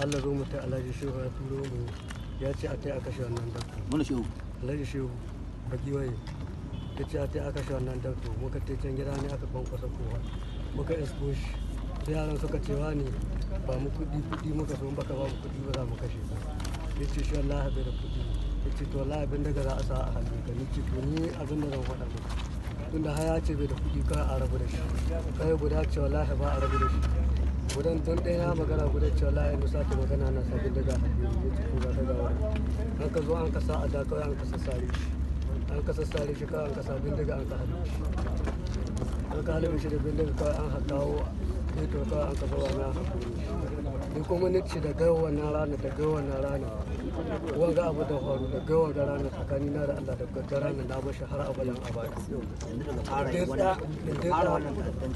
Allah zo mutum Alhaji Shehu ya turo mu ya ce a tai aka shi wannan dakto. Mana Shehu? Alhaji Shehu a giwaye. Ta ce a tai aka shi wannan dakto muka tai can gida ne aka kwasa kowa muka isko Sai yaran suka ce ne ba mu kuɗi kuɗi muka so baka ba mu kuɗi ba za mu kashe ka. Ya ce shi Allah bai da kuɗi. Ya ce to Allah abin daga za a sa a hannu ka ni ce to ni abin da zan faɗa maka. Tunda haya ce bai da kuɗi ka a rabu da shi. Kai guda ce wallahi ba a rabu da shi. wurin tun ɗaya na magana guda cewa layi mu sake magana na sabin daga ya ci kura daga wani an ka zo an ka sa a da kawai an ka sassare an ka sassare shi kawai an ka sabin daga an ka hannu an ka halin shi da bin daga kawai an haɗawo ne to kawai an ka zawa na in kuma na ce daga wannan rana daga wannan rana wanga abu da faru daga wannan rana tsakani na da Allah daga rana na bashi har abadan abada fara wannan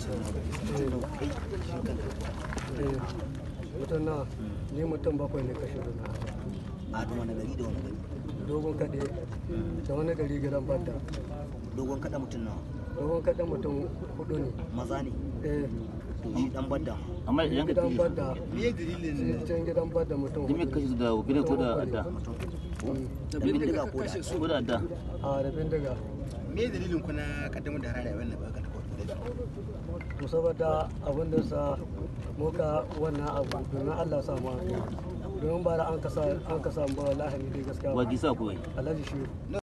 shi na eh, ni mutum bakwai ne kashe a da wani gari da ne eh. shi dan badda amma idan ka dalilin ne can mutum dimi kashi da gida ko da adda da ko da ko da adda a da me dalilin ku na kaddamar da harare wannan ba ka to saboda abin da sa wannan abu Allah sa mu bara an kasa an kasa mu wallahi ne gaskiya wa gisa ko alhaji shi